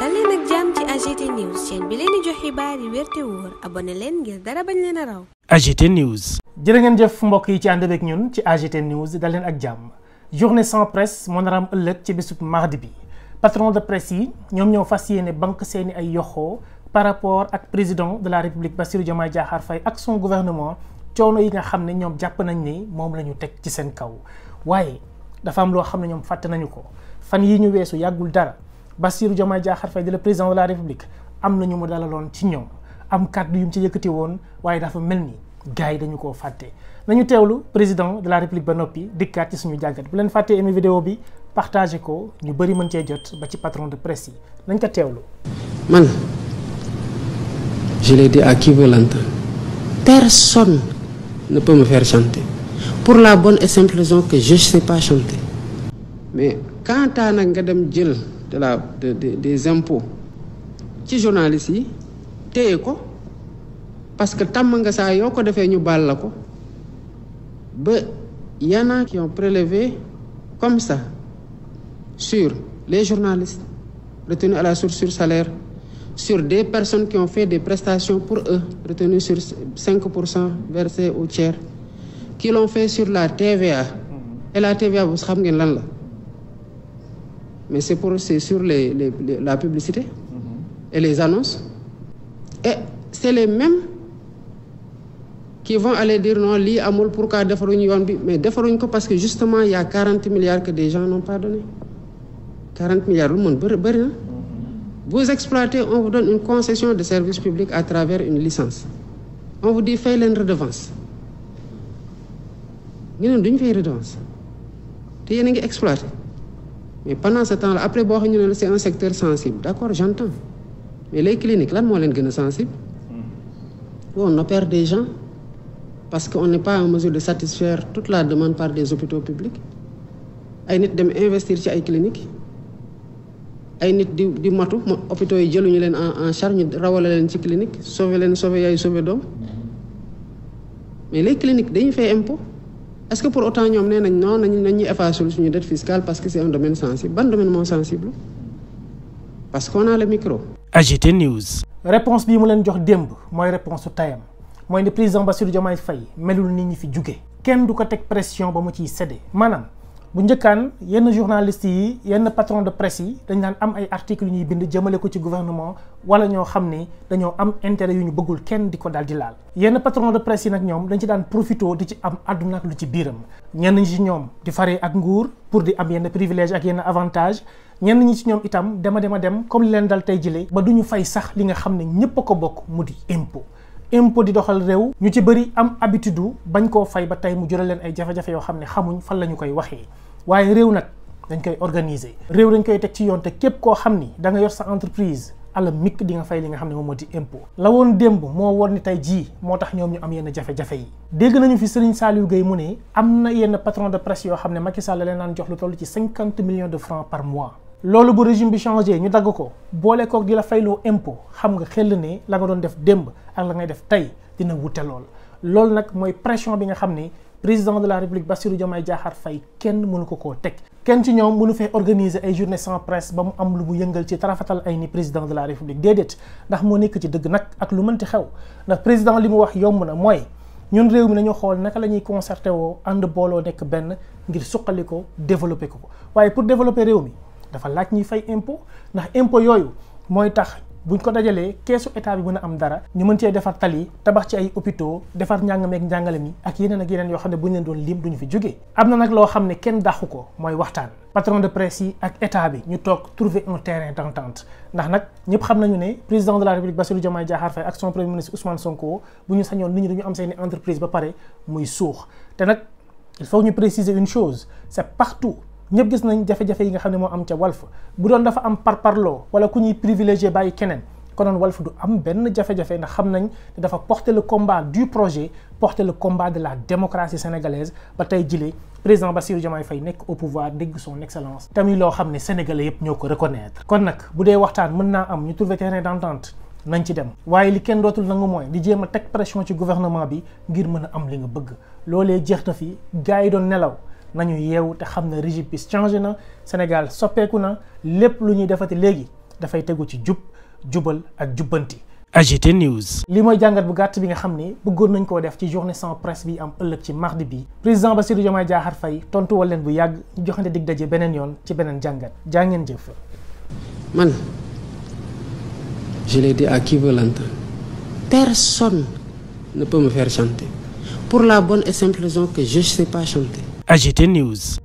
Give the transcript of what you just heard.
dal leen ak jàmm ci AGT News chaîne bi leen ngeen jëf mbokk yi ci ànd ak ñun ci AGT News dal leen ak jàmm journée sans presse moo nar am ëllëg ci bésub mardi bi patron de presse yi ñoom ñëw fas yéene banque seeni ay yoxoo par rapport ak président de la république Bassirou Diomaye Diakhar fay ak son gouvernement coono yi nga xam ne ñoom jàpp nañ ni moom la ñu teg ci seen kaw waaye dafa am loo xam ne ñoom fàtte nañu ko fan yi ñu weesu yàggul dara. Bassirou Diomaye Diakhar Faye di le président de la République am na ñu mu dalaloon ci ñoom am kàddu yu mu ci yëkkati woon waaye dafa mel ni gars yi dañu koo fàtte nañu teewlu président de la République ba noppi dikkaat ci suñu jàngat bu leen fàttee aimé vidéo bi partagé ko ñu bëri mën cee jot ba ci patron de presse yi nañ ko teewlu. man je l'ai dit à qui veut l'entendre personne ne peut me faire pour la bonne et simple raison que je sais pas chanter mais quand nag nga dem jël. de la de, des impôts ci journaliste yi téye ko parce que tàmm nga saa yoo ko defee ñu baal la ko ba y en a qui ont prélevé comme ça sur les journalistes retenus à la source sur salaire sur des personnes qui ont fait des prestations pour eux retenues sur 5 pour cent versées au tiers qui l'ont fait sur la TVA et la TVA bu xam ngeen lan la mais c'est pour c'est sur les, les, les, la publicité mm-hmm. et les annonces. Et c'est les mêmes qui vont aller dire non lii amul pour pourquoi defaruñu yoon bi mais defaruñ ko parce que justement il y a quarante milliards que des gens n'ont pas quarante milliards lu mën bëri bëri na. Mm-hmm. vous exploitez on vous donne une concession de service public à travers une licence on vous dit fay leen redevance ñu ne duñ fay redevance te yéen a ngi exploité. mais pendant ce temps là après boo xam ñu ne la c'est un secteur sensible d'accord j'entends mais les cliniques lan moo leen gën a sensible hmm. on opère des gens parce que on n'est pas en mesure de satisfaire toute la demande par des hôpitaux publics ay nit dem investir ci ay cliniques ay nit di di matu hôpitaux yi jëluñu leen en en charge ñu rawale leen ci clinique sauver leen sauver yaay sauver doom hmm. mais les cliniques dañu fay impôt est-ce que pour autant ñoom nee nañ non nañ nañuy suñu dette fiscale parce que c'est un domaine sensible ban domaine moo sensible parce qu'on a le micro. AGT News. réponse bii mu leen jox démb mooy réponse su tayam mooy ne président Bassirou Diomaye Faye melul nit ñi fi jugee. kenn du ko teg pression ba mu ciy séddee maanaam. bu njëkkaan yenn journalistes yi yenn patron de presse yi dañ daan am ay articles yu ñuy bind jëmale ko ci gouvernement wala ñoo xam ni dañoo am intérêt yu ñu bëggul kenn di ko daal di laal. yenn patron de presse yi nag ñoom dañ ci daan profito di ci am àdduna ak lu ci biiram ñenn ñi ci ñoom di faree ak nguur pour di am yenn privilège ak yenn avantage ñenn ñi ci ñoom itam dema dema dem comme li leen dal tey jëlee ba du ñu fay sax li nga xam ne ñëpp ko bokk mu di impôt. impôt di doxal réew ñu ci bëri am habitude bañ koo fay ba tey mu jural leen ay jafe yoo xam ne xamuñ fan la ñu koy waxee waaye réew nag dañ koy organiser. réew dañ koy teg ci yoon te képp koo xam ni da nga sa entreprise ala mikk di nga fay li nga xam ne moom moo di impôt. la woon démb moo war ni tey jii moo tax ñoom ñu am yenn jafe-jafe yi. dégg nañu fi Serigne Saliou Gueye mu ne am na yenn patron de presse yoo xam ne Macky Sall la leen naan jox lu toll ci cinquante millions de francs par mois. loolu bu régime bi changé ñu dagg ko boole koog di la fayloo impôt xam nga xel n la nga doon def démb ak la ngay def tey dina wute loolu nag mooy pression bi nga xam ni président de la république Bassirou Diomaye Diakhar fay kenn mënu ko koo teg kenn ci ñoom mënu fee organiser ay journée sans presse ba mu am lu mu yëngal ci tarafatal ay ni président de la république déedéet ndax moo nekk ci dëgg nag ak lu mënti xew ndax président li mu wax yomb na mooy ñun réew mi nañu xool naka la ñuy concerté woo ànd booloo nekk benn ngir suqali ko développé ko ko waaye pour développer réew mi dafa laaj ñuy fay impôt ndax impôt yooyu mooy tax buñ ko dajalee keesu état bi mën a am dara ñu mën cee defar tali tabax ci ay hôpitaux defar njàngameeg njàngale mi ak yeneen ak yeneen yoo xam ne buñ leen doon lim duñu fi jógee am na nag loo xam ne kenn dàqu ko mooy waxtaan patron de presse yi ak état bi ñu toog trouver un terrain d'entente ndax nag ñëpp xam nañu ne président de la république Bassirou Diomaye Diakhar Faye ak son premier ministre Ousmane Sonko bu ñu sañoon nit ñi dañu ba pare muy suux te nag il faut ñu préciser une chose c'est partout ñëpp gis nañ jafe-jafe yi nga xam ne moo am ca Walf bu doon dafa am parparloo wala ku ñuy privilégié bàyyi keneen konoon Walf du am benn jafe-jafe ndax xam nañ ne dafa porter le combat du projet porter le combat de la démocratie sénégalaise ba tey jile président Bassirou Diomaye fay nekk au pouvoir dégg son excellence tamit loo xam ne sénégale yëpp ñoo ko reconnaître kon nag bu dee waxtaan mën naa am ñu trouver terrain d'entente nañ ci dem waaye li kenn dootul nangu mooy di jéem a teg pression ci gouvernement bi ngir mën a am li nga bëgg loolee jeex na fi gars yi doon nelaw nañu yeew te xam na régime bi changé na Sénégal soppeeku na lépp lu ñuy defati léegi dafay tegu ci jub jubal ak jubbanti. AGT News. li mooy jàngat bu gàtt bi nga xam ne bëggoon nañ koo def ci journée san presse bi am ëllëg ci mardi bi président Bassirou Diomaye Diakhar Faye tontu wal leen bu yàgg ñu joxante dig dajee beneen yoon ci beneen jàngat jaa ngeen jëf. man je l'ai dit à qui veut l'entendre personne ne peut me faire chanter pour la bonne et simple raison que je ne AGT News